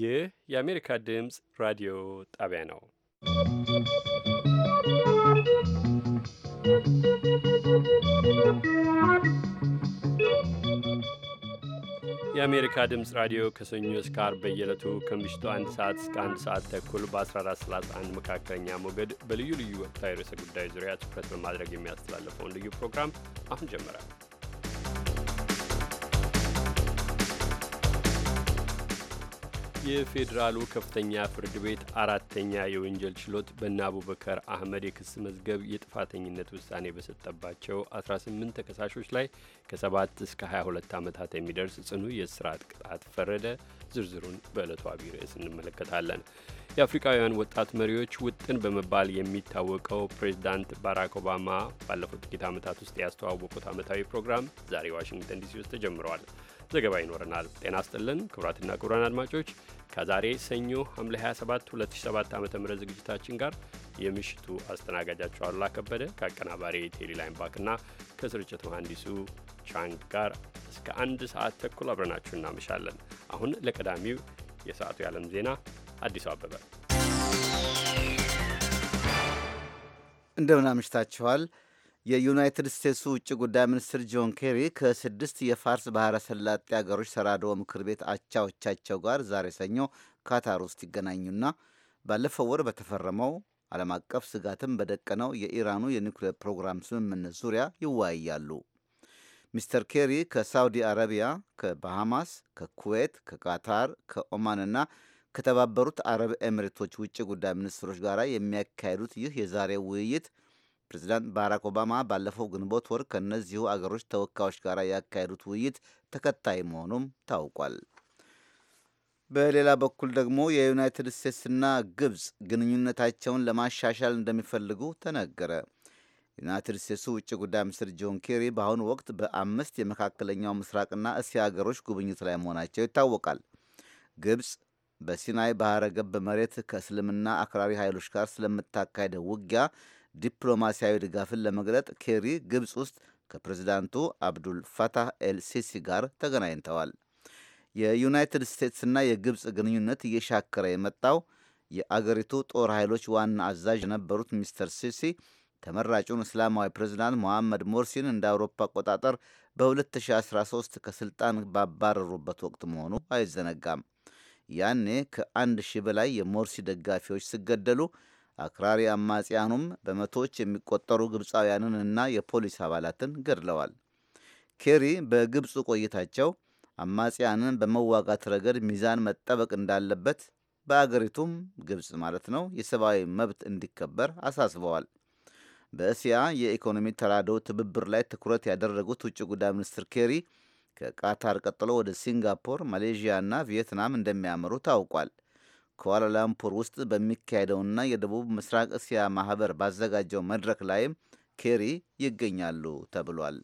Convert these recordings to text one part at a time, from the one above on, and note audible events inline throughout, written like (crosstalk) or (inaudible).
ይህ የአሜሪካ ድምፅ ራዲዮ ጣቢያ ነው። የአሜሪካ ድምፅ ራዲዮ ከሰኞ እስከ ዓርብ በየዕለቱ ከምሽቱ አንድ ሰዓት እስከ አንድ ሰዓት ተኩል በ1431 መካከለኛ ሞገድ በልዩ ልዩ ወቅታዊ ርዕሰ ጉዳይ ዙሪያ ትኩረት በማድረግ የሚያስተላልፈውን ልዩ ፕሮግራም አሁን ጀምራል። የፌዴራሉ ከፍተኛ ፍርድ ቤት አራተኛ የወንጀል ችሎት በእነ አቡበከር አህመድ የክስ መዝገብ የጥፋተኝነት ውሳኔ በሰጠባቸው 18 ተከሳሾች ላይ ከ7 እስከ 22 ዓመታት የሚደርስ ጽኑ የእስራት ቅጣት ፈረደ። ዝርዝሩን በዕለቱ አብይ ርዕስ እንመለከታለን። የአፍሪካውያን ወጣት መሪዎች ውጥን በመባል የሚታወቀው ፕሬዚዳንት ባራክ ኦባማ ባለፉት ጥቂት ዓመታት ውስጥ ያስተዋወቁት ዓመታዊ ፕሮግራም ዛሬ ዋሽንግተን ዲሲ ውስጥ ተጀምረዋል። ዘገባ ይኖረናል። ጤና ስጥልን ክቡራትና ክቡራን አድማጮች ከዛሬ ሰኞ ሐምሌ 27 2007 ዓ ም ዝግጅታችን ጋር የምሽቱ አስተናጋጃቸው አሉላ ከበደ ከአቀናባሪ ቴሌላይን ባክና ከስርጭት መሐንዲሱ ቻንግ ጋር እስከ አንድ ሰዓት ተኩል አብረናችሁ እናመሻለን። አሁን ለቀዳሚው የሰዓቱ የዓለም ዜና አዲሱ አበበ እንደምን አምሽታችኋል። የዩናይትድ ስቴትሱ ውጭ ጉዳይ ሚኒስትር ጆን ኬሪ ከስድስት የፋርስ ባህረ ሰላጤ ሀገሮች ሰራዶ ምክር ቤት አቻዎቻቸው ጋር ዛሬ ሰኞ ካታር ውስጥ ይገናኙና ባለፈው ወር በተፈረመው ዓለም አቀፍ ስጋትን በደቀነው የኢራኑ የኒውክሌር ፕሮግራም ስምምነት ዙሪያ ይወያያሉ። ሚስተር ኬሪ ከሳውዲ አረቢያ፣ ከባሃማስ፣ ከኩዌት፣ ከቃታር፣ ከኦማንና ከተባበሩት አረብ ኤሚሬቶች ውጭ ጉዳይ ሚኒስትሮች ጋር የሚያካሂዱት ይህ የዛሬው ውይይት ፕሬዚዳንት ባራክ ኦባማ ባለፈው ግንቦት ወር ከእነዚሁ አገሮች ተወካዮች ጋር ያካሄዱት ውይይት ተከታይ መሆኑም ታውቋል። በሌላ በኩል ደግሞ የዩናይትድ ስቴትስና ግብፅ ግንኙነታቸውን ለማሻሻል እንደሚፈልጉ ተነገረ። ዩናይትድ ስቴትሱ ውጭ ጉዳይ ሚኒስትር ጆን ኬሪ በአሁኑ ወቅት በአምስት የመካከለኛው ምስራቅና እስያ አገሮች ጉብኝት ላይ መሆናቸው ይታወቃል። ግብፅ በሲናይ ባህረ ገብ መሬት ከእስልምና አክራሪ ኃይሎች ጋር ስለምታካሄደው ውጊያ ዲፕሎማሲያዊ ድጋፍን ለመግለጥ ኬሪ ግብፅ ውስጥ ከፕሬዚዳንቱ አብዱል ፈታህ ኤልሲሲ ጋር ተገናኝተዋል። የዩናይትድ ስቴትስና የግብፅ ግንኙነት እየሻከረ የመጣው የአገሪቱ ጦር ኃይሎች ዋና አዛዥ የነበሩት ሚስተር ሲሲ ተመራጩን እስላማዊ ፕሬዚዳንት ሞሐመድ ሞርሲን እንደ አውሮፓ አቆጣጠር በ2013 ከስልጣን ባባረሩበት ወቅት መሆኑ አይዘነጋም። ያኔ ከአንድ ሺህ በላይ የሞርሲ ደጋፊዎች ሲገደሉ አክራሪ አማጽያኑም በመቶዎች የሚቆጠሩ ግብፃውያንንና የፖሊስ አባላትን ገድለዋል። ኬሪ በግብፅ ቆይታቸው አማጽያንን በመዋጋት ረገድ ሚዛን መጠበቅ እንዳለበት በአገሪቱም ግብፅ ማለት ነው የሰብአዊ መብት እንዲከበር አሳስበዋል። በእስያ የኢኮኖሚ ተራድኦ ትብብር ላይ ትኩረት ያደረጉት ውጭ ጉዳይ ሚኒስትር ኬሪ ከቃታር ቀጥሎ ወደ ሲንጋፖር፣ ማሌዥያ እና ቪየትናም እንደሚያመሩ ታውቋል። ኳላላምፑር ውስጥ በሚካሄደውና የደቡብ ምስራቅ እስያ ማህበር ባዘጋጀው መድረክ ላይም ኬሪ ይገኛሉ ተብሏል።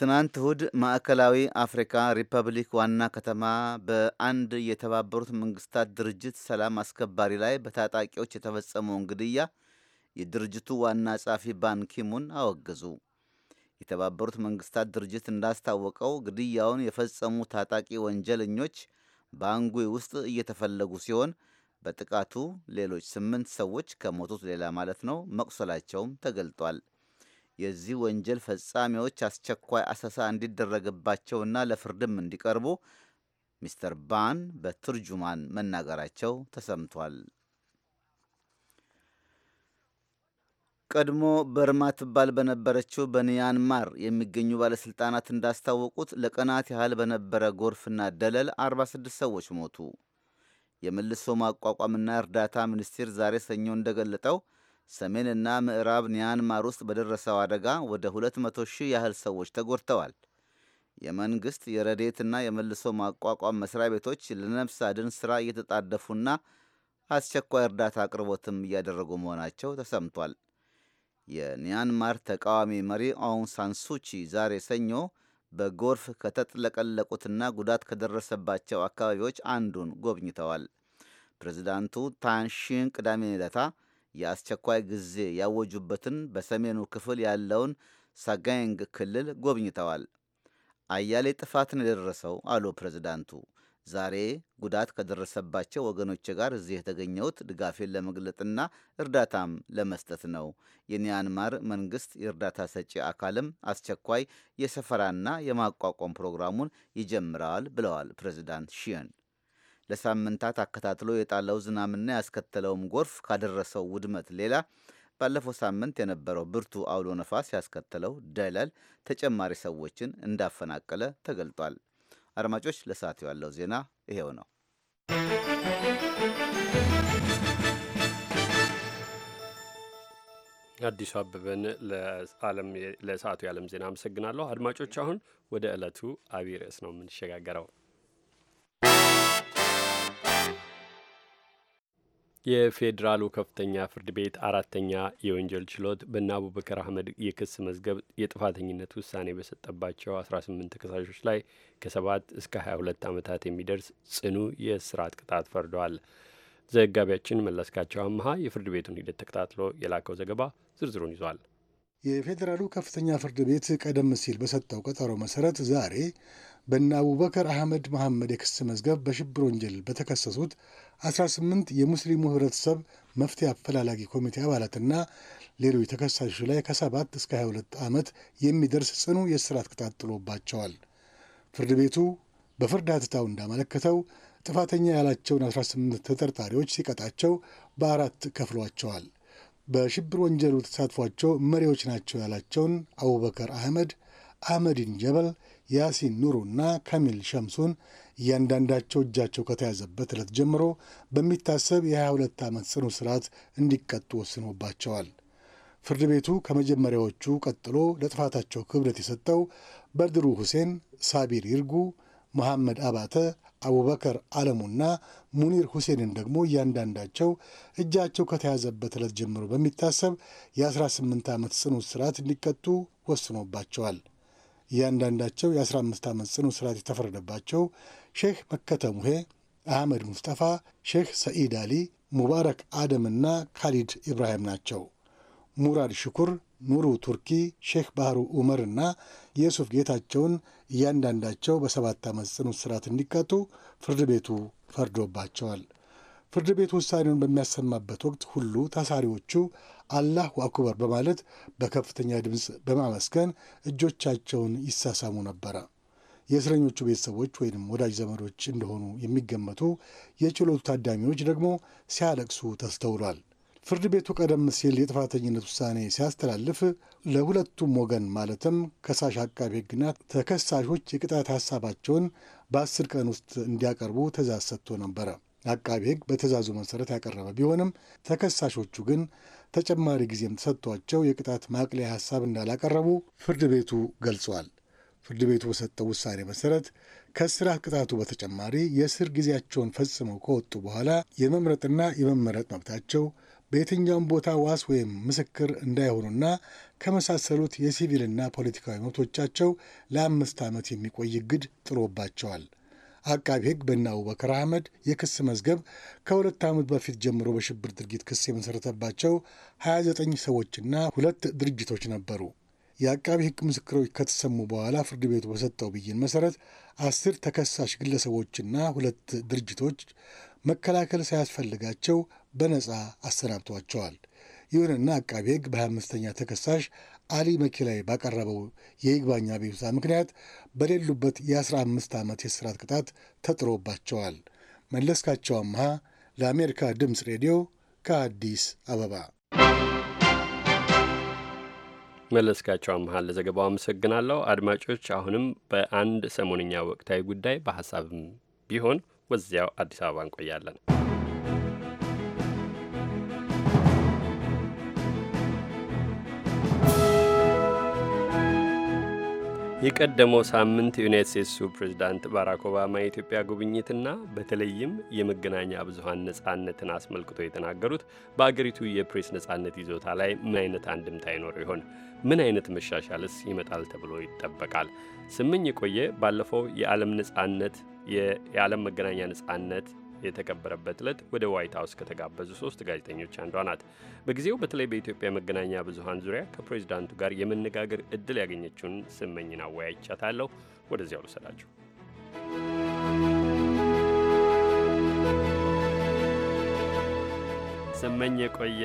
ትናንት እሁድ ማዕከላዊ አፍሪካ ሪፐብሊክ ዋና ከተማ በአንድ የተባበሩት መንግስታት ድርጅት ሰላም አስከባሪ ላይ በታጣቂዎች የተፈጸመውን ግድያ የድርጅቱ ዋና ጸሐፊ ባንኪሙን አወገዙ። የተባበሩት መንግስታት ድርጅት እንዳስታወቀው ግድያውን የፈጸሙ ታጣቂ ወንጀለኞች ባንጉይ ውስጥ እየተፈለጉ ሲሆን በጥቃቱ ሌሎች ስምንት ሰዎች ከሞቱት ሌላ ማለት ነው መቁሰላቸውም ተገልጧል። የዚህ ወንጀል ፈጻሚዎች አስቸኳይ አሰሳ እንዲደረግባቸውና ለፍርድም እንዲቀርቡ ሚስተር ባን በትርጁማን መናገራቸው ተሰምቷል። ቀድሞ በርማ ትባል በነበረችው በኒያንማር የሚገኙ ባለሥልጣናት እንዳስታወቁት ለቀናት ያህል በነበረ ጎርፍና ደለል 46 ሰዎች ሞቱ። የመልሶ ማቋቋምና እርዳታ ሚኒስቴር ዛሬ ሰኞ እንደገለጠው ሰሜንና ምዕራብ ኒያንማር ውስጥ በደረሰው አደጋ ወደ 200 ሺህ ያህል ሰዎች ተጎድተዋል። የመንግሥት የረዴትና የመልሶ ማቋቋም መስሪያ ቤቶች ለነፍስ አድን ሥራ እየተጣደፉና አስቸኳይ እርዳታ አቅርቦትም እያደረጉ መሆናቸው ተሰምቷል። የሚያንማር ተቃዋሚ መሪ አውን ሳንሱቺ ዛሬ ሰኞ በጎርፍ ከተጥለቀለቁትና ጉዳት ከደረሰባቸው አካባቢዎች አንዱን ጎብኝተዋል። ፕሬዚዳንቱ ታንሺን ቅዳሜ ዕለታ የአስቸኳይ ጊዜ ያወጁበትን በሰሜኑ ክፍል ያለውን ሳጋንግ ክልል ጎብኝተዋል። አያሌ ጥፋትን የደረሰው አሉ ፕሬዚዳንቱ ዛሬ ጉዳት ከደረሰባቸው ወገኖች ጋር እዚህ የተገኘሁት ድጋፌን ለመግለጥና እርዳታም ለመስጠት ነው። የሚያንማር መንግስት የእርዳታ ሰጪ አካልም አስቸኳይ የሰፈራና የማቋቋም ፕሮግራሙን ይጀምረዋል ብለዋል ፕሬዚዳንት ሺየን። ለሳምንታት አከታትሎ የጣለው ዝናምና ያስከተለውም ጎርፍ ካደረሰው ውድመት ሌላ ባለፈው ሳምንት የነበረው ብርቱ አውሎ ነፋስ ያስከተለው ደለል ተጨማሪ ሰዎችን እንዳፈናቀለ ተገልጧል። አድማጮች፣ ለሰዓት ያለው ዜና ይሄው ነው። አዲሱ አበበን ለሰዓቱ የዓለም ዜና አመሰግናለሁ። አድማጮች አሁን ወደ ዕለቱ አቢይ ርዕስ ነው የምንሸጋገረው። የፌዴራሉ ከፍተኛ ፍርድ ቤት አራተኛ የወንጀል ችሎት በእነ አቡበከር አህመድ የክስ መዝገብ የጥፋተኝነት ውሳኔ በሰጠባቸው 18 ተከሳሾች ላይ ከሰባት እስከ 22 ዓመታት የሚደርስ ጽኑ የእስራት ቅጣት ፈርደዋል። ዘጋቢያችን መለስካቸው አመሃ የፍርድ ቤቱን ሂደት ተከታትሎ የላከው ዘገባ ዝርዝሩን ይዟል። የፌዴራሉ ከፍተኛ ፍርድ ቤት ቀደም ሲል በሰጠው ቀጠሮ መሰረት ዛሬ በእነ አቡበከር አህመድ መሐመድ የክስ መዝገብ በሽብር ወንጀል በተከሰሱት 18 የሙስሊሙ ህብረተሰብ መፍትሄ አፈላላጊ ኮሚቴ አባላትና ሌሎች ተከሳሾች ላይ ከ7 እስከ 22 ዓመት የሚደርስ ጽኑ የእስራት ቅጣት ጥሎባቸዋል። ፍርድ ቤቱ በፍርድ አትታው እንዳመለከተው ጥፋተኛ ያላቸውን 18 ተጠርጣሪዎች ሲቀጣቸው በአራት ከፍሏቸዋል። በሽብር ወንጀሉ ተሳትፏቸው መሪዎች ናቸው ያላቸውን አቡበከር አህመድ፣ አህመዲን ጀበል ያሲን ኑሩና ካሚል ሸምሱን እያንዳንዳቸው እጃቸው ከተያዘበት ዕለት ጀምሮ በሚታሰብ የ22 ዓመት ጽኑ ስርዓት እንዲቀጡ ወስኖባቸዋል። ፍርድ ቤቱ ከመጀመሪያዎቹ ቀጥሎ ለጥፋታቸው ክብረት የሰጠው በድሩ ሁሴን፣ ሳቢር ይርጉ፣ መሐመድ አባተ፣ አቡበከር አለሙና ሙኒር ሁሴንን ደግሞ እያንዳንዳቸው እጃቸው ከተያዘበት ዕለት ጀምሮ በሚታሰብ የ18 ዓመት ጽኑ ስርዓት እንዲቀጡ ወስኖባቸዋል። እያንዳንዳቸው የ15 ዓመት ጽኑ እስራት የተፈረደባቸው ሼህ መከተሙሄ፣ አህመድ ሙስጠፋ፣ ሼህ ሰኢድ አሊ፣ ሙባረክ አደምና ካሊድ ኢብራሂም ናቸው። ሙራድ ሽኩር፣ ኑሩ ቱርኪ፣ ሼህ ባህሩ እና የሱፍ ጌታቸውን እያንዳንዳቸው በሰባት ዓመት ጽኑ እስራት እንዲቀጡ ፍርድ ቤቱ ፈርዶባቸዋል። ፍርድ ቤት ውሳኔውን በሚያሰማበት ወቅት ሁሉ ታሳሪዎቹ አላሁ አክበር በማለት በከፍተኛ ድምፅ በማመስገን እጆቻቸውን ይሳሳሙ ነበረ። የእስረኞቹ ቤተሰቦች ወይም ወዳጅ ዘመዶች እንደሆኑ የሚገመቱ የችሎቱ ታዳሚዎች ደግሞ ሲያለቅሱ ተስተውሏል። ፍርድ ቤቱ ቀደም ሲል የጥፋተኝነት ውሳኔ ሲያስተላልፍ ለሁለቱም ወገን ማለትም ከሳሽ አቃቢ ሕግና ተከሳሾች የቅጣት ሀሳባቸውን በአስር ቀን ውስጥ እንዲያቀርቡ ትእዛዝ ሰጥቶ ነበረ። አቃቢ ሕግ በትእዛዙ መሰረት ያቀረበ ቢሆንም ተከሳሾቹ ግን ተጨማሪ ጊዜም ተሰጥቷቸው የቅጣት ማቅለያ ሀሳብ እንዳላቀረቡ ፍርድ ቤቱ ገልጿል። ፍርድ ቤቱ በሰጠው ውሳኔ መሰረት ከእስራት ቅጣቱ በተጨማሪ የእስር ጊዜያቸውን ፈጽመው ከወጡ በኋላ የመምረጥና የመመረጥ መብታቸው በየትኛውም ቦታ ዋስ ወይም ምስክር እንዳይሆኑና ከመሳሰሉት የሲቪልና ፖለቲካዊ መብቶቻቸው ለአምስት ዓመት የሚቆይ እግድ ጥሎባቸዋል። አቃቢ ሕግ በእነ አቡበከር አህመድ የክስ መዝገብ ከሁለት ዓመት በፊት ጀምሮ በሽብር ድርጊት ክስ የመሠረተባቸው 29 ሰዎችና ሁለት ድርጅቶች ነበሩ። የአቃቢ ሕግ ምስክሮች ከተሰሙ በኋላ ፍርድ ቤቱ በሰጠው ብይን መሠረት አስር ተከሳሽ ግለሰቦችና ሁለት ድርጅቶች መከላከል ሳያስፈልጋቸው በነፃ አሰናብቷቸዋል። ይሁንና አቃቢ ሕግ በ25ኛ ተከሳሽ አሊ መኪ ላይ ባቀረበው የይግባኛ ቤብሳ ምክንያት በሌሉበት የ15 ዓመት የስራት ቅጣት ተጥሮባቸዋል። መለስካቸው አምሃ ለአሜሪካ ድምፅ ሬዲዮ ከአዲስ አበባ። መለስካቸው አምሃ ለዘገባው አመሰግናለሁ። አድማጮች፣ አሁንም በአንድ ሰሞንኛ ወቅታዊ ጉዳይ በሀሳብም ቢሆን ወዚያው አዲስ አበባ እንቆያለን። የቀደመው ሳምንት የዩናይት ስቴትሱ ፕሬዚዳንት ባራክ ኦባማ የኢትዮጵያ ጉብኝትና በተለይም የመገናኛ ብዙሀን ነጻነትን አስመልክቶ የተናገሩት በአገሪቱ የፕሬስ ነጻነት ይዞታ ላይ ምን አይነት አንድምታ ይኖረው ይሆን? ምን አይነት መሻሻልስ ይመጣል ተብሎ ይጠበቃል? ስምኝ የቆየ ባለፈው የዓለም ነጻነት የዓለም መገናኛ ነጻነት የተከበረበት ዕለት ወደ ዋይት ሀውስ ከተጋበዙ ሶስት ጋዜጠኞች አንዷ ናት። በጊዜው በተለይ በኢትዮጵያ መገናኛ ብዙሀን ዙሪያ ከፕሬዚዳንቱ ጋር የመነጋገር እድል ያገኘችውን ስመኝን አወያይቻታለሁ። ወደዚያው ልውሰዳችሁ። ስመኝ የቆየ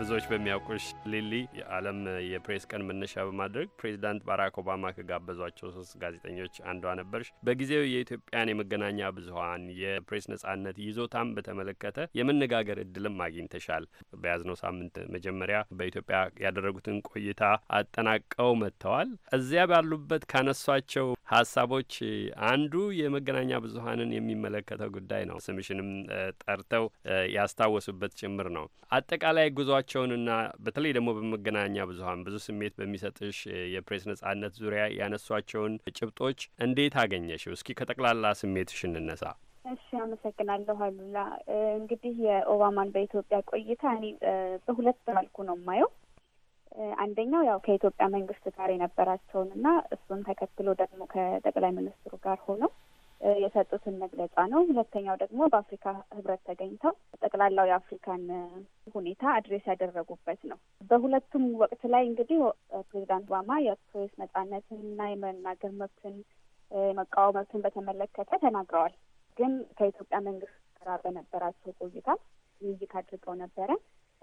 ብዙዎች በሚያውቁሽ ሊሊ የዓለም የፕሬስ ቀን መነሻ በማድረግ ፕሬዚዳንት ባራክ ኦባማ ከጋበዟቸው ሶስት ጋዜጠኞች አንዷ ነበርሽ። በጊዜው የኢትዮጵያን የመገናኛ ብዙኃን የፕሬስ ነጻነት ይዞታም በተመለከተ የመነጋገር እድልም አግኝተሻል። በያዝነው ሳምንት መጀመሪያ በኢትዮጵያ ያደረጉትን ቆይታ አጠናቀው መጥተዋል። እዚያ ባሉበት ካነሷቸው ሀሳቦች አንዱ የመገናኛ ብዙኃንን የሚመለከተው ጉዳይ ነው። ስምሽንም ጠርተው ያስታወሱበት ጭምር ነው። አጠቃላይ ጉዟቸው ያነሷቸውንና በተለይ ደግሞ በመገናኛ ብዙሀን ብዙ ስሜት በሚሰጥሽ የፕሬስ ነጻነት ዙሪያ ያነሷቸውን ጭብጦች እንዴት አገኘሽው? እስኪ ከጠቅላላ ስሜትሽ እንነሳ። እሺ፣ አመሰግናለሁ አሉላ። እንግዲህ የኦባማን በኢትዮጵያ ቆይታ እኔ በሁለት መልኩ ነው የማየው። አንደኛው ያው ከኢትዮጵያ መንግስት ጋር የነበራቸውን እና እሱን ተከትሎ ደግሞ ከጠቅላይ ሚኒስትሩ ጋር ሆነው የሰጡትን መግለጫ ነው። ሁለተኛው ደግሞ በአፍሪካ ህብረት ተገኝተው ጠቅላላው የአፍሪካን ሁኔታ አድሬስ ያደረጉበት ነው። በሁለቱም ወቅት ላይ እንግዲህ ፕሬዚዳንት ኦባማ የፕሬስ ነጻነትንና የመናገር መብትን የመቃወም መብትን በተመለከተ ተናግረዋል። ግን ከኢትዮጵያ መንግስት ጋር በነበራቸው ቆይታ ውይይት አድርገው ነበረ።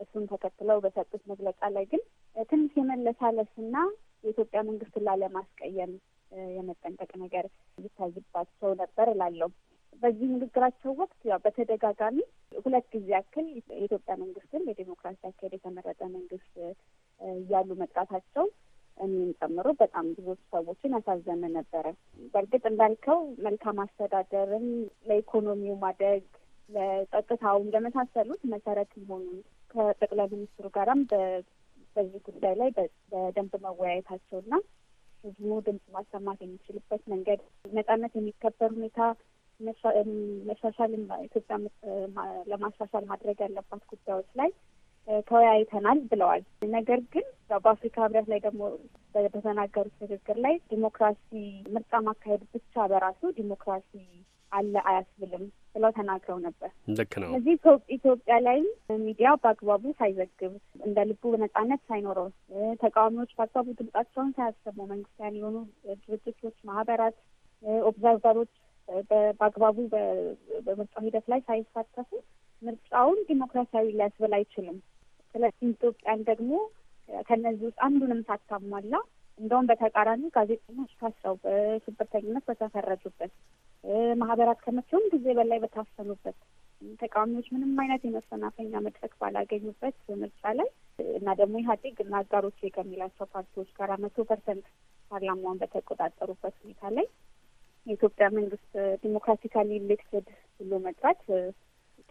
እሱን ተከትለው በሰጡት መግለጫ ላይ ግን ትንሽ የመለሳለስና የኢትዮጵያ መንግስትን ላለማስቀየም የመጠንቀቅ ነገር ይታይባቸው ነበር እላለሁ። በዚህ ንግግራቸው ወቅት ያው በተደጋጋሚ ሁለት ጊዜ ያክል የኢትዮጵያ መንግስትን የዴሞክራሲ አካሄድ የተመረጠ መንግስት እያሉ መጥራታቸው እኔን ጨምሮ በጣም ብዙ ሰዎችን ያሳዘነ ነበረ። በእርግጥ እንዳልከው መልካም አስተዳደርን ለኢኮኖሚው ማደግ፣ ለጸጥታውም ለመሳሰሉት መሰረት መሆኑ ከጠቅላይ ሚኒስትሩ ጋራም በዚህ ጉዳይ ላይ በደንብ መወያየታቸውና ህዝቡ ድምጽ ማሰማት የሚችልበት መንገድ፣ ነጻነት የሚከበር ሁኔታ መሻሻል ኢትዮጵያ ለማሻሻል ማድረግ ያለባት ጉዳዮች ላይ ተወያይተናል ብለዋል። ነገር ግን በአፍሪካ ህብረት ላይ ደግሞ በተናገሩት ንግግር ላይ ዲሞክራሲ ምርጫ ማካሄድ ብቻ በራሱ ዲሞክራሲ አለ አያስብልም ብለው ተናግረው ነበር። ልክ ነው። እዚህ ኢትዮጵያ ላይ ሚዲያ በአግባቡ ሳይዘግብ እንደ ልቡ ነጻነት ሳይኖረው ተቃዋሚዎች በአግባቡ ድምጻቸውን ሳያሰሙ መንግስታን የሆኑ ድርጅቶች፣ ማህበራት፣ ኦብዘርቨሮች በአግባቡ በምርጫው ሂደት ላይ ሳይሳተፉ ምርጫውን ዲሞክራሲያዊ ሊያስብል አይችልም። ስለዚህ ኢትዮጵያን ደግሞ ከነዚህ ውስጥ አንዱንም ሳታሟላ እንደውም በተቃራኒ ጋዜጠኞች ታስረው በሽብርተኝነት በተፈረጁበት ማህበራት ከመቼውም ጊዜ በላይ በታፈኑበት ተቃዋሚዎች ምንም አይነት የመሰናፈኛ መድረክ ባላገኙበት ምርጫ ላይ እና ደግሞ ኢህአዴግ እና አጋሮች ከሚላቸው ፓርቲዎች ጋር መቶ ፐርሰንት ፓርላማውን በተቆጣጠሩበት ሁኔታ ላይ የኢትዮጵያ መንግስት ዲሞክራቲካሊ ኢሌክትድ ብሎ መጥራት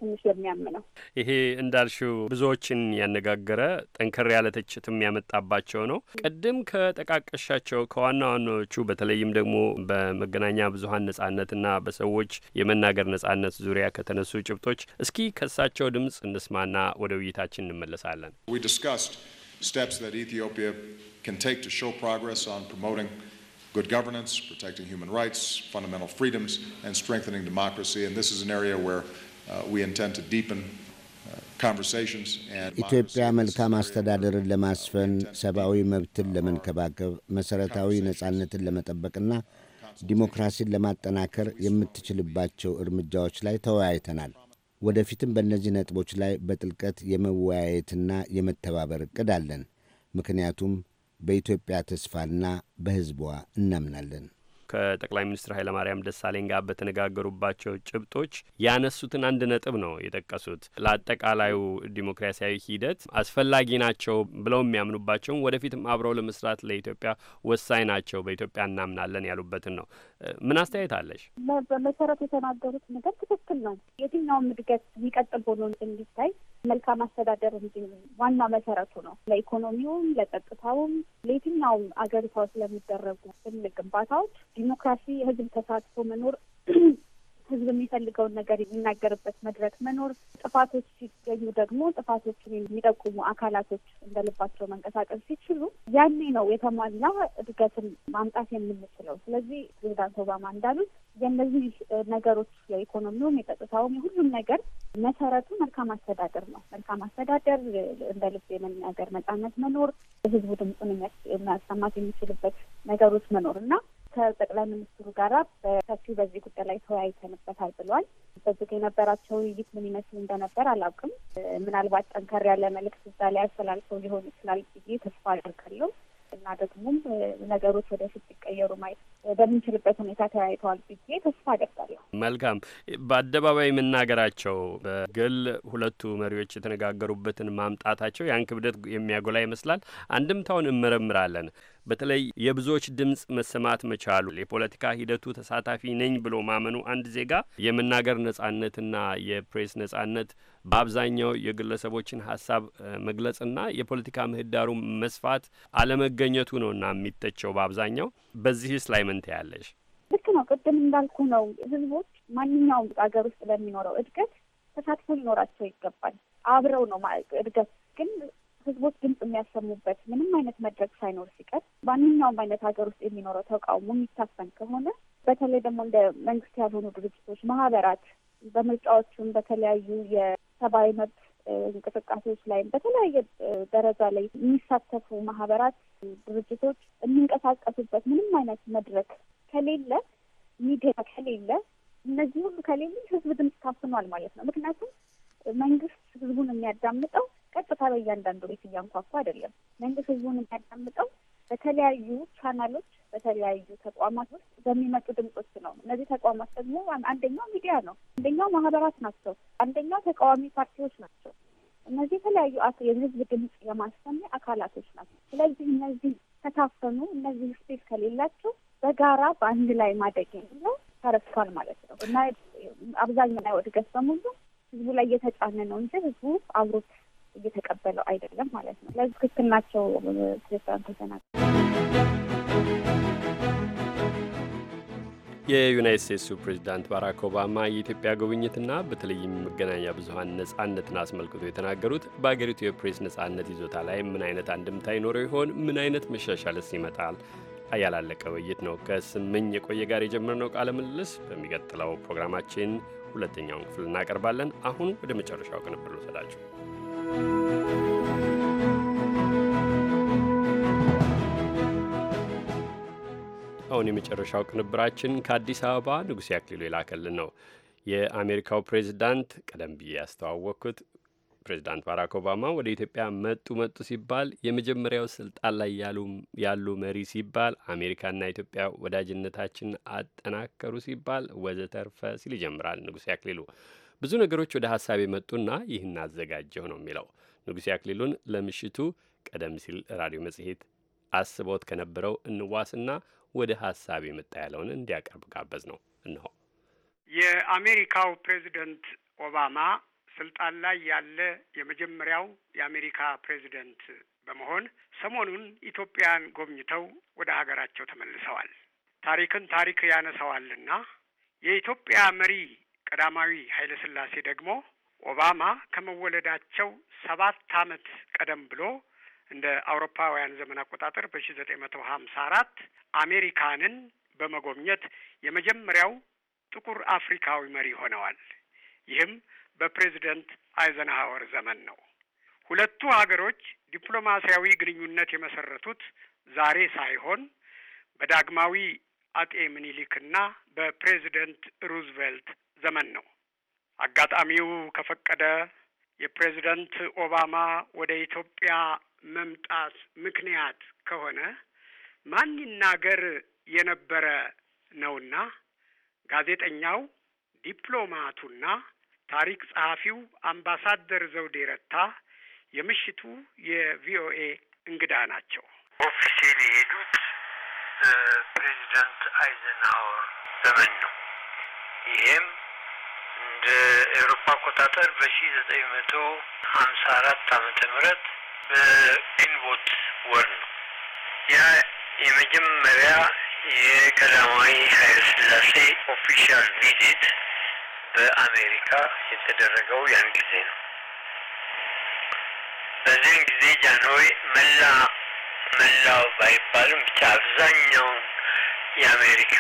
ትንሽ የሚያም ነው። ይሄ እንዳልሽው ብዙዎችን ያነጋገረ ጠንከር ያለ ትችትም ያመጣባቸው ነው። ቅድም ከጠቃቀሻቸው ከዋና ዋናዎቹ በተለይም ደግሞ በመገናኛ ብዙኃን ነጻነትና በሰዎች የመናገር ነጻነት ዙሪያ ከተነሱ ጭብጦች እስኪ ከሳቸው ድምፅ እንስማና ወደ ውይይታችን እንመለሳለን። steps that Ethiopia can take to show progress on promoting good governance, protecting human rights, fundamental freedoms, and strengthening democracy. And this is an area where ኢትዮጵያ uh, uh, መልካም አስተዳደርን uh, ለማስፈን ሰብአዊ መብትን ለመንከባከብ መሠረታዊ ነጻነትን ለመጠበቅና ዲሞክራሲን ለማጠናከር የምትችልባቸው እርምጃዎች ላይ ተወያይተናል። ወደፊትም በእነዚህ ነጥቦች ላይ በጥልቀት የመወያየትና የመተባበር እቅድ አለን። ምክንያቱም በኢትዮጵያ ተስፋና በሕዝቧ እናምናለን። ከጠቅላይ ሚኒስትር ኃይለማርያም ደሳለኝ ጋር በተነጋገሩባቸው ጭብጦች ያነሱትን አንድ ነጥብ ነው የጠቀሱት። ለአጠቃላዩ ዲሞክራሲያዊ ሂደት አስፈላጊ ናቸው ብለው የሚያምኑባቸውም ወደፊትም አብረው ለመስራት ለኢትዮጵያ ወሳኝ ናቸው፣ በኢትዮጵያ እናምናለን ያሉበትን ነው። ምን አስተያየት አለሽ? በመሰረቱ የተናገሩት ነገር ትክክል ነው። የትኛውም እድገት የሚቀጥል ሆኖ እንዲታይ መልካም አስተዳደር እንጂ ዋና መሰረቱ ነው። ለኢኮኖሚውም፣ ለጸጥታውም፣ ለየትኛውም አገሪቷ ስለሚደረጉ ትልቅ ግንባታዎች ዲሞክራሲ፣ የህዝብ ተሳትፎ መኖር፣ (clears throat) ህዝብ የሚፈልገውን ነገር የሚናገርበት መድረክ መኖር፣ ጥፋቶች ሲገኙ ደግሞ ጥፋቶችን የሚጠቁሙ አካላቶች እንደልባቸው መንቀሳቀስ ሲችሉ ያኔ ነው የተሟላ እድገትን ማምጣት የምንችለው። ስለዚህ ፕሬዚዳንት ኦባማ እንዳሉት የእነዚህ ነገሮች የኢኮኖሚውም፣ የጸጥታውም፣ የሁሉም ነገር መሰረቱ መልካም አስተዳደር ነው። መልካም አስተዳደር እንደ ልብ የመናገር ነጻነት መኖር፣ የህዝቡ ድምፁን ማሰማት የሚችልበት ነገሮች መኖር እና ከጠቅላይ ሚኒስትሩ ጋራ በሰፊው በዚህ ጉዳይ ላይ ተወያይተንበታል ብሏል። በዚህ የነበራቸው ውይይት ምን ይመስል እንደነበር አላውቅም። ምናልባት ጠንከር ያለ መልእክት እዛ ላይ አስተላልፈው ሊሆን ይችላል ብዬ ተስፋ አደርጋለሁ። እና ደግሞም ነገሮች ወደፊት ሲቀየሩ ማየት በምንችልበት ሁኔታ ተያይተዋል ብዬ ተስፋ አደርጋለሁ። መልካም። በአደባባይ መናገራቸው በግል ሁለቱ መሪዎች የተነጋገሩበትን ማምጣታቸው ያን ክብደት የሚያጎላ ይመስላል። አንድምታውን እንመረምራለን። በተለይ የብዙዎች ድምፅ መሰማት መቻሉ የፖለቲካ ሂደቱ ተሳታፊ ነኝ ብሎ ማመኑ አንድ ዜጋ የመናገር ነጻነትና የፕሬስ ነጻነት በአብዛኛው የግለሰቦችን ሀሳብ መግለጽና የፖለቲካ ምህዳሩ መስፋት አለመገኘቱ ነውና የሚተቸው በአብዛኛው። በዚህስ ላይ ምን ትያለሽ? ልክ ነው። ቅድም እንዳልኩ ነው። ህዝቦች ማንኛውም አገር ውስጥ ለሚኖረው እድገት ተሳትፎ ሊኖራቸው ይገባል። አብረው ነው እድገት ግን ህዝቦች ድምፅ የሚያሰሙበት ምንም አይነት መድረክ ሳይኖር ሲቀር ማንኛውም አይነት ሀገር ውስጥ የሚኖረው ተቃውሞ የሚታፈን ከሆነ በተለይ ደግሞ እንደ መንግስት ያልሆኑ ድርጅቶች፣ ማህበራት በምርጫዎቹም በተለያዩ የሰብአዊ መብት እንቅስቃሴዎች ላይም በተለያየ ደረጃ ላይ የሚሳተፉ ማህበራት፣ ድርጅቶች የሚንቀሳቀሱበት ምንም አይነት መድረክ ከሌለ፣ ሚዲያ ከሌለ፣ እነዚህ ሁሉ ከሌሉ ህዝብ ድምፅ ታፍኗል ማለት ነው። ምክንያቱም መንግስት ህዝቡን የሚያዳምጠው ቀጥታ በእያንዳንዱ ቤት እያንኳኩ አይደለም። መንግስት ህዝቡን የሚያዳምጠው በተለያዩ ቻናሎች በተለያዩ ተቋማት ውስጥ በሚመጡ ድምጾች ነው። እነዚህ ተቋማት ደግሞ አንደኛው ሚዲያ ነው፣ አንደኛው ማህበራት ናቸው፣ አንደኛው ተቃዋሚ ፓርቲዎች ናቸው። እነዚህ የተለያዩ የህዝብ ድምጽ የማሰሚያ አካላቶች ናቸው። ስለዚህ እነዚህ ከታፈኑ፣ እነዚህ ስፔስ ከሌላቸው በጋራ በአንድ ላይ ማደግ የሚለው ተረስቷል ማለት ነው እና አብዛኛው ወድገት በሙሉ ህዝቡ ላይ እየተጫነ ነው እንጂ ህዝቡ አብሮት እየተቀበለው አይደለም ማለት ነው። ለዚ ትክክል ናቸው ፕሬዚዳንቱ ተናገሩ። የዩናይት ስቴትሱ ፕሬዚዳንት ባራክ ኦባማ የኢትዮጵያ ጉብኝትና በተለይም መገናኛ ብዙኃን ነጻነትን አስመልክቶ የተናገሩት በአገሪቱ የፕሬስ ነጻነት ይዞታ ላይ ምን አይነት አንድምታ ይኖረው ይሆን? ምን አይነት መሻሻልስ ይመጣል? ያላለቀ ውይይት ነው። ከስምኝ የቆየ ጋር የጀመርነው ቃለ ምልልስ በሚቀጥለው ፕሮግራማችን ሁለተኛውን ክፍል እናቀርባለን። አሁን ወደ መጨረሻው ቅንብር ልውሰዳችሁ። አሁን የመጨረሻው ቅንብራችን ከአዲስ አበባ ንጉሴ አክሊሉ የላከልን ነው። የአሜሪካው ፕሬዚዳንት ቀደም ብዬ ያስተዋወቅኩት ፕሬዚዳንት ባራክ ኦባማ ወደ ኢትዮጵያ መጡ መጡ ሲባል የመጀመሪያው ስልጣን ላይ ያሉ መሪ ሲባል አሜሪካና ኢትዮጵያ ወዳጅነታችን አጠናከሩ ሲባል ወዘተርፈ ሲል ይጀምራል ንጉሴ አክሊሉ። ብዙ ነገሮች ወደ ሀሳብ የመጡና ይህን አዘጋጀሁ ነው የሚለው ንጉሴ አክሊሉን ለምሽቱ ቀደም ሲል ራዲዮ መጽሔት አስቦት ከነበረው እንዋስና ወደ ሀሳብ የመጣ ያለውን እንዲያቀርብ ጋበዝ ነው። እንሆ የአሜሪካው ፕሬዚደንት ኦባማ ስልጣን ላይ ያለ የመጀመሪያው የአሜሪካ ፕሬዚደንት በመሆን ሰሞኑን ኢትዮጵያን ጎብኝተው ወደ ሀገራቸው ተመልሰዋል። ታሪክን ታሪክ ያነሰዋልና የኢትዮጵያ መሪ ቀዳማዊ ኃይለ ሥላሴ ደግሞ ኦባማ ከመወለዳቸው ሰባት ዓመት ቀደም ብሎ እንደ አውሮፓውያን ዘመን አቆጣጠር በሺ ዘጠኝ መቶ ሀምሳ አራት አሜሪካንን በመጎብኘት የመጀመሪያው ጥቁር አፍሪካዊ መሪ ሆነዋል። ይህም በፕሬዝደንት አይዘንሃወር ዘመን ነው። ሁለቱ ሀገሮች ዲፕሎማሲያዊ ግንኙነት የመሰረቱት ዛሬ ሳይሆን በዳግማዊ አጤ ምኒልክና በፕሬዝደንት ሩዝቬልት ዘመን ነው። አጋጣሚው ከፈቀደ የፕሬዝደንት ኦባማ ወደ ኢትዮጵያ መምጣት ምክንያት ከሆነ ማን ይናገር የነበረ ነውና ጋዜጠኛው ዲፕሎማቱና ታሪክ ጸሐፊው አምባሳደር ዘውዴ ረታ የምሽቱ የቪኦኤ እንግዳ ናቸው። ኦፊሴል የሄዱት ፕሬዚደንት አይዘንሃወር ዘመን ነው። ይሄም እንደ ኤሮፓ አቆጣጠር በሺ ዘጠኝ መቶ ሀምሳ አራት አመተ ምህረት በግንቦት ወር ነው። ያ የመጀመሪያ የቀዳማዊ ኃይለ ስላሴ ኦፊሻል ቪዚት በአሜሪካ የተደረገው ያን ጊዜ ነው። በዚህን ጊዜ ጃንሆይ መላ መላው ባይባልም ብቻ አብዛኛውን የአሜሪካ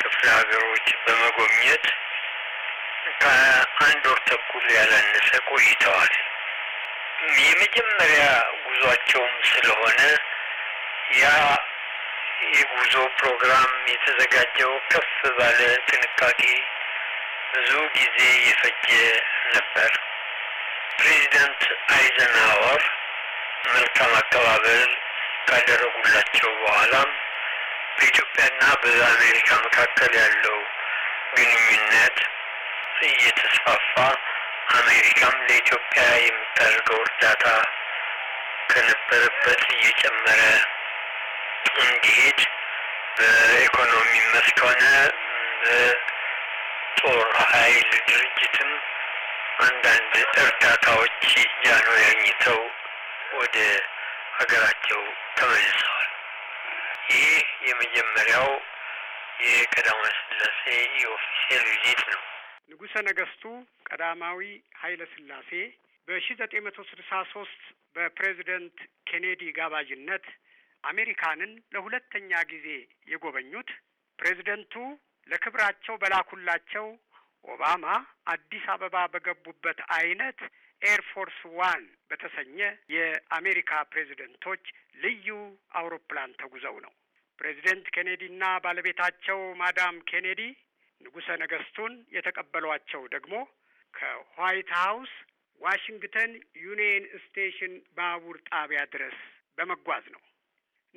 ክፍለ ሀገሮች በመጎብኘት ከአንድ ወር ተኩል ያላነሰ ቆይተዋል። የመጀመሪያ ጉዟቸውም ስለሆነ ያ የጉዞ ፕሮግራም የተዘጋጀው ከፍ ባለ ጥንቃቄ ብዙ ጊዜ የፈጀ ነበር። ፕሬዚዳንት አይዘንሃወር መልካም አቀባበል ካደረጉላቸው በኋላም በኢትዮጵያና በአሜሪካ መካከል ያለው ግንኙነት እየተስፋፋ አሜሪካም ለኢትዮጵያ የምታደርገው እርዳታ ከነበረበት እየጨመረ እንዲሄድ በኢኮኖሚ መስክ ሆነ ጦር ኃይል ድርጅትም አንዳንድ እርዳታዎች ጃኖ ያኝተው ወደ ሀገራቸው ተመልሰዋል። ይህ የመጀመሪያው የቀዳማዊ ስላሴ የኦፊሴል ቪዚት ነው። ንጉሠ ነገሥቱ ቀዳማዊ ኃይለ ሥላሴ በሺ ዘጠኝ መቶ ስልሳ ሶስት በፕሬዚደንት ኬኔዲ ጋባዥነት አሜሪካንን ለሁለተኛ ጊዜ የጎበኙት ፕሬዚደንቱ ለክብራቸው በላኩላቸው ኦባማ አዲስ አበባ በገቡበት አይነት ኤርፎርስ ዋን በተሰኘ የአሜሪካ ፕሬዝደንቶች ልዩ አውሮፕላን ተጉዘው ነው። ፕሬዝደንት ኬኔዲና ባለቤታቸው ማዳም ኬኔዲ ንጉሠ ነገሥቱን የተቀበሏቸው ደግሞ ከዋይት ሀውስ ዋሽንግተን ዩኒየን ስቴሽን ባቡር ጣቢያ ድረስ በመጓዝ ነው።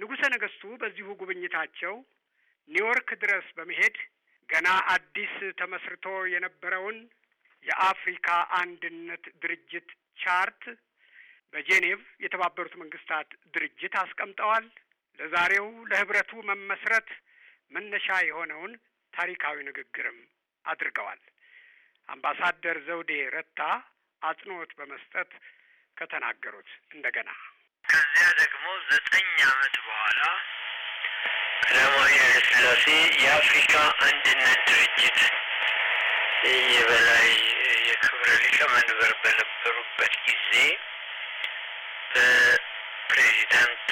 ንጉሠ ነገሥቱ በዚሁ ጉብኝታቸው ኒውዮርክ ድረስ በመሄድ ገና አዲስ ተመስርቶ የነበረውን የአፍሪካ አንድነት ድርጅት ቻርት በጄኔቭ የተባበሩት መንግስታት ድርጅት አስቀምጠዋል። ለዛሬው ለህብረቱ መመስረት መነሻ የሆነውን ታሪካዊ ንግግርም አድርገዋል። አምባሳደር ዘውዴ ረታ አጽንኦት በመስጠት ከተናገሩት እንደገና ከዚያ ደግሞ ዘጠኝ ዓመት በኋላ ኃላፊ የአፍሪካ አንድነት ድርጅት የበላይ የክብረ ሊቀመንበር በነበሩበት ጊዜ በፕሬዚዳንት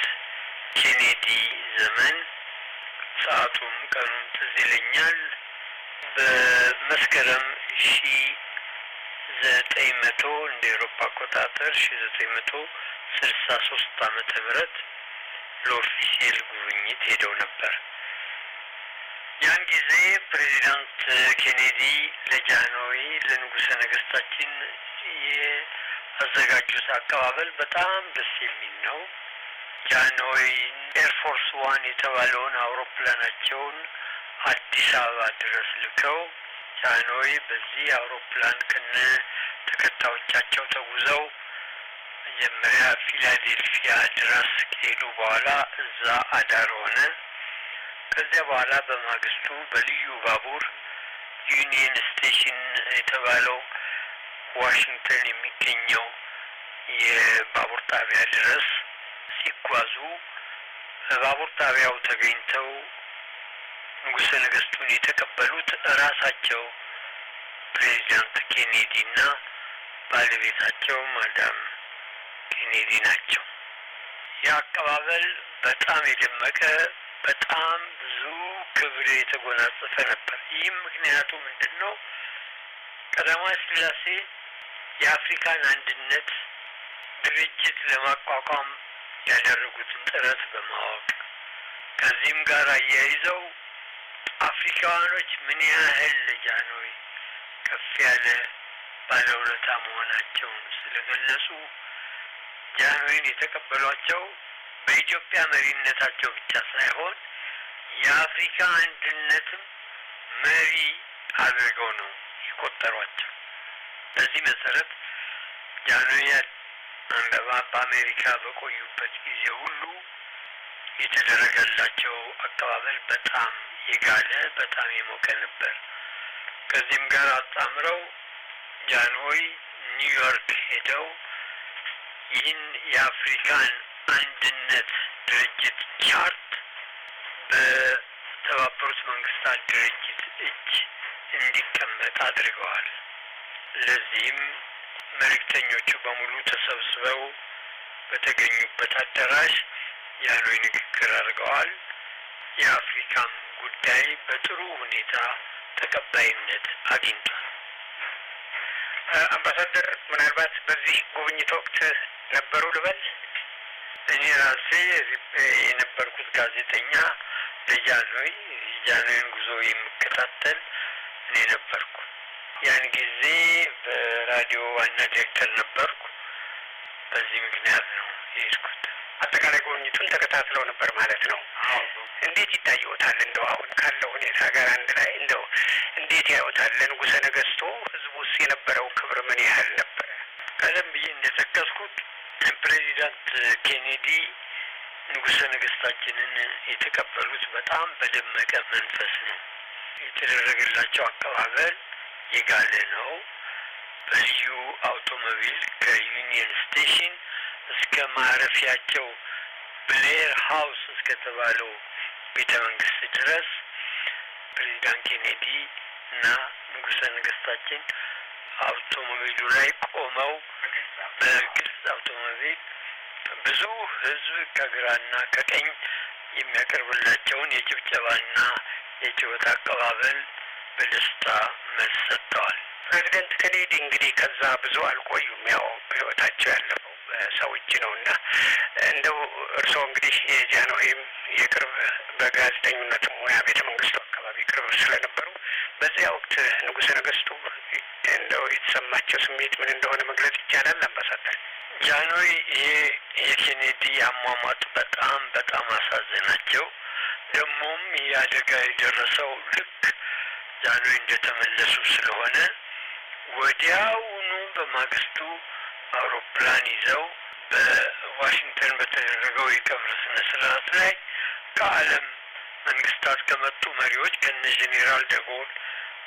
ኬኔዲ ዘመን ሰዓቱም ቀኑም ትዝ ይለኛል በመስከረም ሺ ዘጠኝ መቶ እንደ ኤሮፓ አቆጣጠር ሺ ዘጠኝ መቶ ስልሳ ሶስት አመተ ምህረት ለኦፊሴል ጉብኝት ሄደው ጊዜ ፕሬዚዳንት ኬኔዲ ለጃንሆይ ለንጉሰ ነገስታችን የአዘጋጁት አቀባበል በጣም ደስ የሚል ነው። ጃንሆይ ኤርፎርስ ዋን የተባለውን አውሮፕላናቸውን አዲስ አበባ ድረስ ልከው ጃንሆይ በዚህ አውሮፕላን ከነ ተከታዮቻቸው ተጉዘው መጀመሪያ ፊላዴልፊያ ድረስ ከሄዱ በኋላ እዛ አዳር ሆነ። ከዚያ በኋላ በማግስቱ በልዩ ባቡር ዩኒየን ስቴሽን የተባለው ዋሽንግተን የሚገኘው የባቡር ጣቢያ ድረስ ሲጓዙ በባቡር ጣቢያው ተገኝተው ንጉሰ ነገስቱን የተቀበሉት ራሳቸው ፕሬዚዳንት ኬኔዲ እና ባለቤታቸው ማዳም ኬኔዲ ናቸው። የአቀባበል በጣም የደመቀ በጣም ብዙ ክብር የተጎናጸፈ ነበር። ይህም ምክንያቱ ምንድን ነው? ቀዳማዊ ስላሴ የአፍሪካን አንድነት ድርጅት ለማቋቋም ያደረጉትን ጥረት በማወቅ ከዚህም ጋር አያይዘው አፍሪካውያኖች ምን ያህል ለጃንሆይ ከፍ ያለ ባለውለታ መሆናቸውን ስለገለጹ ጃንሆይን የተቀበሏቸው በኢትዮጵያ መሪነታቸው ብቻ ሳይሆን የአፍሪካ አንድነትም መሪ አድርገው ነው የቆጠሯቸው። በዚህ መሰረት ጃንሆይ አበባ በአሜሪካ በቆዩበት ጊዜ ሁሉ የተደረገላቸው አቀባበል በጣም የጋለ በጣም የሞቀ ነበር። ከዚህም ጋር አጣምረው ጃንሆይ ኒውዮርክ ሄደው ይህን የአፍሪካን አንድነት ድርጅት ቻርት በተባበሩት መንግስታት ድርጅት እጅ እንዲቀመጥ አድርገዋል። ለዚህም መልእክተኞቹ በሙሉ ተሰብስበው በተገኙበት አዳራሽ ያሉኝ ንግግር አድርገዋል። የአፍሪካም ጉዳይ በጥሩ ሁኔታ ተቀባይነት አግኝቷል። አምባሳደር ምናልባት በዚህ ጉብኝት ወቅት ነበሩ ልበል? እኔ ራሴ የነበርኩት ጋዜጠኛ በጃንሆይ የጃንሆይን ጉዞ የምከታተል እኔ ነበርኩ። ያን ጊዜ በራዲዮ ዋና ዲሬክተር ነበርኩ። በዚህ ምክንያት ነው የሄድኩት። አጠቃላይ ጎብኝቱን ተከታትለው ነበር ማለት ነው። እንዴት ይታየዎታል? እንደው አሁን ካለው ሁኔታ ጋር አንድ ላይ እንደው እንዴት ያዩታል? ለንጉሠ ነገሥቱ ራሳችንን የተቀበሉት በጣም በደመቀ መንፈስ ነው። የተደረገላቸው አቀባበል የጋለ ነው። በልዩ አውቶሞቢል ከዩኒየን ስቴሽን እስከ ማረፊያቸው ብሌር ሀውስ እስከተባለው ቤተ መንግስት ድረስ ፕሬዚዳንት ኬኔዲ እና ንጉሰ ነገስታችን አውቶሞቢሉ ላይ ቆመው በግልጽ አውቶሞቢል ብዙ ህዝብ ከግራና ከቀኝ የሚያቀርብላቸውን የጭብጨባና የጭወት አቀባበል በደስታ መልስ ሰጥተዋል። ፕሬዚደንት ኬኔዲ እንግዲህ ከዛ ብዙ አልቆዩም። ያው በህይወታቸው ያለፈው ሰው እጅ ነው እና እንደው እርስዎ እንግዲህ የጃንሆይም የቅርብ በጋዜጠኝነት ሙያ ቤተ መንግስቱ አካባቢ ቅርብ ስለነበሩ በዚያ ወቅት ንጉሰ ነገስቱ እንደው የተሰማቸው ስሜት ምን እንደሆነ መግለጽ ይቻላል አምባሳደር? ጃንሆይ ይሄ የኬኔዲ አሟሟት በጣም በጣም አሳዘናቸው። ደግሞም ይህ አደጋ የደረሰው ልክ ጃንሆይ እንደተመለሱ ስለሆነ ወዲያውኑ በማግስቱ አውሮፕላን ይዘው በዋሽንግተን በተደረገው የቀብር ስነ ስርዓት ላይ ከዓለም መንግስታት ከመጡ መሪዎች ከነ ጄኔራል ደጎል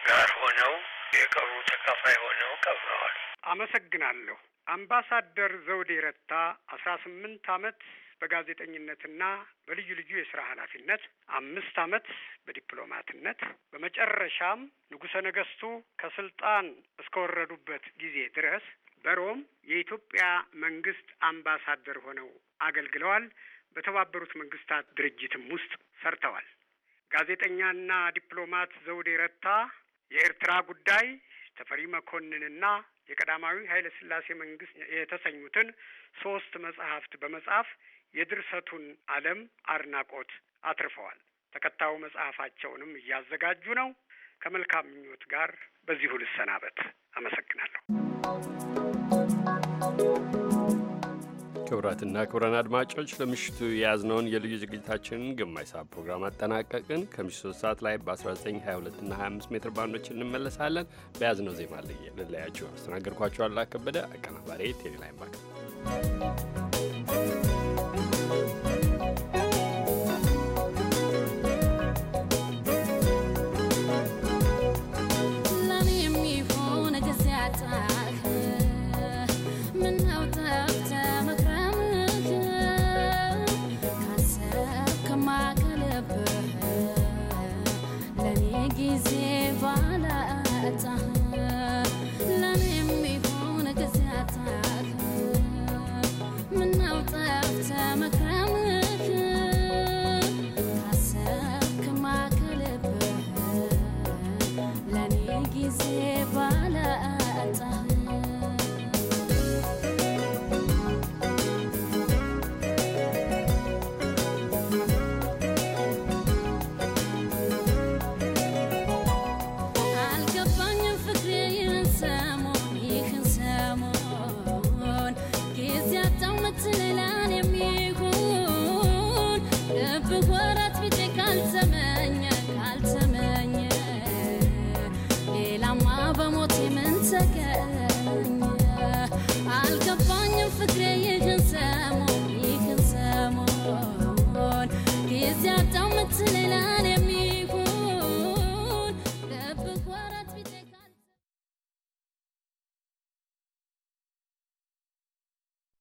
ጋር ሆነው የቀብሩ ተካፋይ ሆነው ቀብረዋል። አመሰግናለሁ። አምባሳደር ዘውዴ ረታ አስራ ስምንት ዓመት በጋዜጠኝነትና በልዩ ልዩ የስራ ኃላፊነት አምስት ዓመት በዲፕሎማትነት በመጨረሻም ንጉሠ ነገሥቱ ከስልጣን እስከወረዱበት ጊዜ ድረስ በሮም የኢትዮጵያ መንግስት አምባሳደር ሆነው አገልግለዋል። በተባበሩት መንግስታት ድርጅትም ውስጥ ሰርተዋል። ጋዜጠኛና ዲፕሎማት ዘውዴ ረታ የኤርትራ ጉዳይ ተፈሪ መኮንንና የቀዳማዊ ኃይለ ሥላሴ መንግስት የተሰኙትን ሶስት መጽሐፍት በመጻፍ የድርሰቱን ዓለም አድናቆት አትርፈዋል። ተከታዩ መጽሐፋቸውንም እያዘጋጁ ነው። ከመልካም ምኞት ጋር በዚሁ ልሰናበት። አመሰግናለሁ። ክቡራትና ክቡራን አድማጮች ለምሽቱ የያዝነውን የልዩ ዝግጅታችንን ግማሽ ሰዓት ፕሮግራም አጠናቀቅን። ከምሽቱ 3 ሰዓት ላይ በ1922 እና 25 ሜትር ባንዶች እንመለሳለን። በያዝነው ዜማ ልለያችሁ። አስተናገድኳችሁ አላ ከበደ፣ አቀናባሪ ቴሌላይም ባክ